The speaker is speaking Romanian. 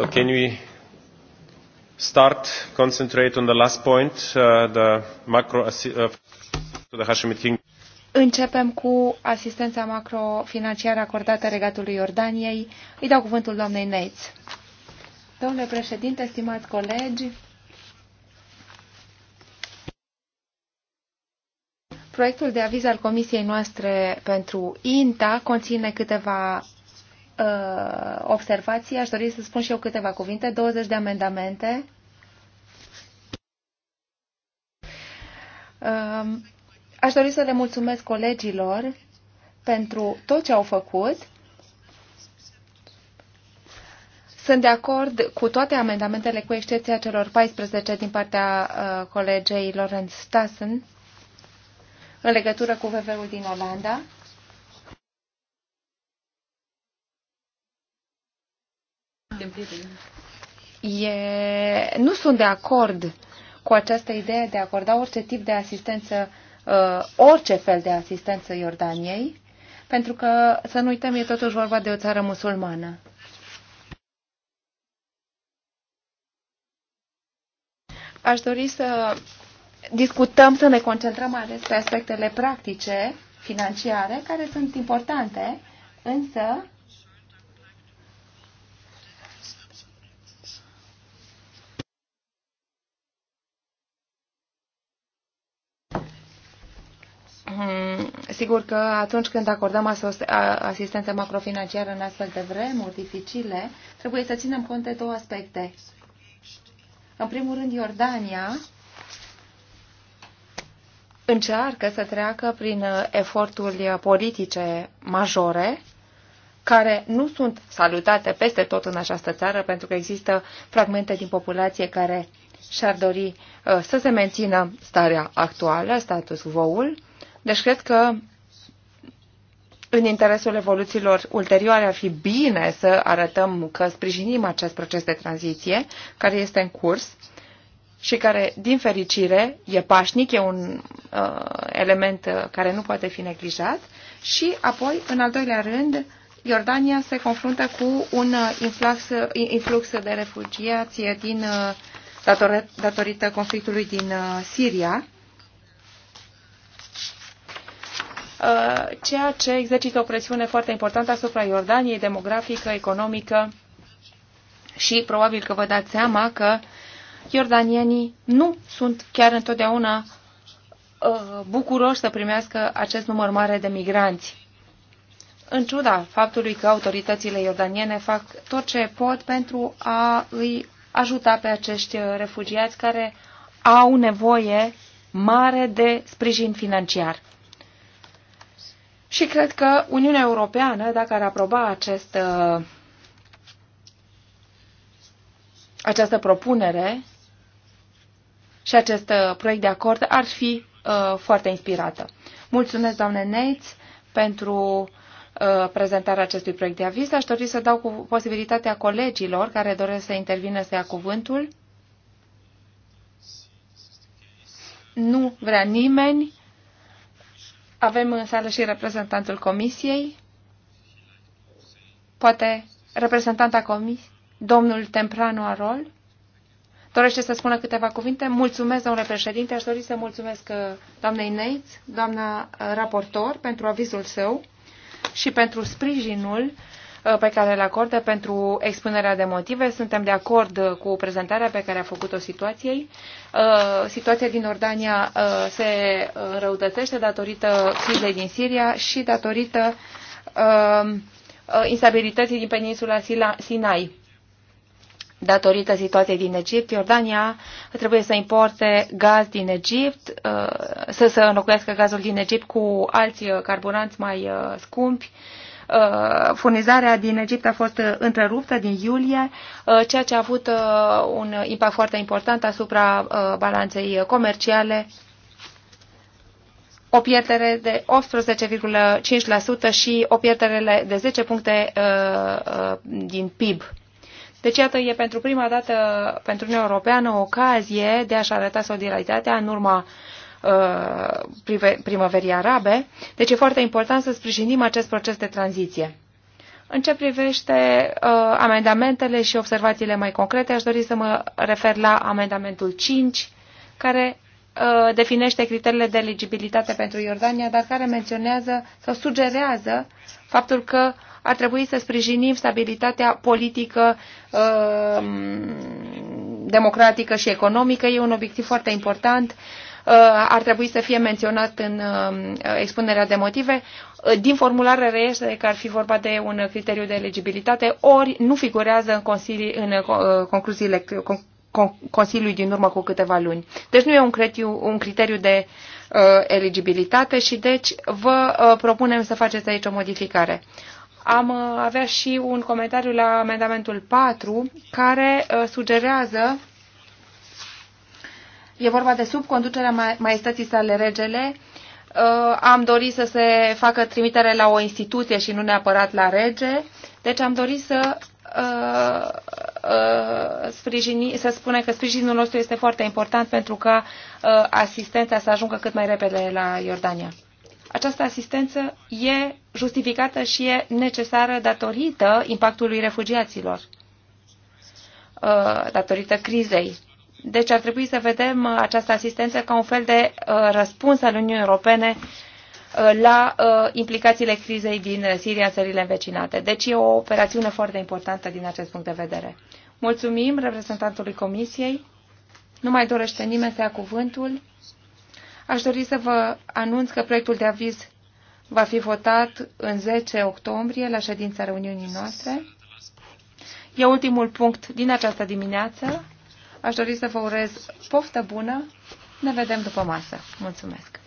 So can we start, concentrate on the last point, uh, the macro uh, to the Hashemite Kingdom? Începem cu asistența macrofinanciară acordată Regatului Iordaniei. Îi dau cuvântul doamnei Neitz. Domnule președinte, stimați colegi, proiectul de aviz al comisiei noastre pentru INTA conține câteva uh, observații, aș dori să spun și eu câteva cuvinte, 20 de amendamente. Uh, aș dori să le mulțumesc colegilor pentru tot ce au făcut. Sunt de acord cu toate amendamentele, cu excepția celor 14 din partea uh, colegei Lorenz Stassen în legătură cu VV-ul din Olanda. E, nu sunt de acord cu această idee de a acorda orice tip de asistență, uh, orice fel de asistență Iordaniei, pentru că, să nu uităm, e totuși vorba de o țară musulmană. Aș dori să discutăm, să ne concentrăm mai ales pe aspectele practice, financiare, care sunt importante, însă Mhm. Sigur că atunci când acordăm asistență macrofinanciară în astfel de vremuri dificile, trebuie să ținem cont de două aspecte. În primul rând, Iordania încearcă să treacă prin uh, eforturi uh, politice majore, care nu sunt salutate peste tot în această țară, pentru că există fragmente din populație care și-ar dori uh, să se mențină starea actuală, status quo-ul, deci cred că în interesul evoluțiilor ulterioare ar fi bine să arătăm că sprijinim acest proces de tranziție care este în curs și care, din fericire, e pașnic, e un uh, element uh, care nu poate fi neglijat. Și apoi, în al doilea rând, Iordania se confruntă cu un uh, influx, uh, influx de refugiați din, datorită conflictului din Siria Uh, ceea ce exercită o presiune foarte importantă asupra Iordaniei, demografică, economică și probabil că vă dați seama că iordanienii nu sunt chiar întotdeauna uh, bucuroși să primească acest număr mare de migranți în ciuda faptului că autoritățile iordaniene fac tot ce pot pentru a îi ajuta pe acești refugiați care au nevoie mare de sprijin financiar. Și cred că Uniunea Europeană, dacă ar aproba acest, uh, această propunere și acest uh, proiect de acord, ar fi uh, foarte inspirată. Mulțumesc, doamne Neitz, pentru prezentarea acestui proiect de aviz. Aș dori să dau cu posibilitatea colegilor care doresc să intervină să ia cuvântul. Nu vrea nimeni avem în sală și reprezentantul comisiei. Poate reprezentanta comisiei, domnul Temprano Arol, dorește să spună câteva cuvinte. Mulțumesc, domnule președinte. Aș dori să mulțumesc uh, doamnei Neitz, doamna uh, raportor, pentru avizul său și pentru sprijinul Uh, pe care le acordă pentru expunerea de motive. Suntem de acord cu prezentarea pe care a făcut-o situației. Uh, situația din Ordania uh, se răutățește datorită crizei din Siria și datorită instabilității din peninsula Sinai. Datorită situației din Egipt, Iordania trebuie să importe gaz din Egipt, să se înlocuiască gazul din Egipt cu alți carburanți mai scumpi Uh, furnizarea din Egipt a fost uh, întreruptă din iulie, uh, ceea ce a avut un impact foarte important asupra balanței comerciale o pierdere de 18,5% și o pierdere de 10 puncte din PIB. Deci, iată, e pentru prima dată pentru Uniunea Europeană o ocazie de a-și arăta solidaritatea în urma Uh, primăverii arabe. Deci e foarte important să sprijinim acest proces de tranziție. În ce privește uh, amendamentele și observațiile mai concrete, aș dori să mă refer la amendamentul 5, care uh, definește criteriile de eligibilitate pentru Iordania, dar care menționează sau sugerează faptul că ar trebui să sprijinim stabilitatea politică, uh, democratică și economică. E un obiectiv foarte important. Uh, Uh, ar trebui să fie menționat în uh, expunerea de motive. Uh, din formulare reiese că ar fi vorba de un criteriu de eligibilitate, ori nu figurează în, consilii, în concluziile Consiliului din urmă cu câteva luni. Deci nu e un criteriu, un criteriu de uh, eligibilitate și deci vă uh, propunem să faceți aici o modificare. Am uh, avea și un comentariu la amendamentul 4 care uh, sugerează e vorba de sub conducerea maestății sale regele, uh, am dorit să se facă trimitere la o instituție și nu neapărat la rege, deci am dorit să uh, uh, sprijini, să spune că sprijinul nostru este foarte important pentru ca asistența să ajungă cât mai repede la Iordania. Această asistență e justificată și e necesară datorită impactului refugiaților, datorită crizei deci ar trebui să vedem uh, această asistență ca un fel de uh, răspuns al Uniunii Europene uh, la implicațiile crizei din Siria în țările învecinate. Deci e o operațiune foarte importantă din acest punct de vedere. Mulțumim reprezentantului Comisiei. Nu mai dorește nimeni să ia cuvântul. Aș dori să vă anunț că proiectul de aviz va fi votat în 10 octombrie la ședința reuniunii noastre. E ultimul punct din această dimineață. Aș dori să vă urez poftă bună. Ne vedem după masă. Mulțumesc!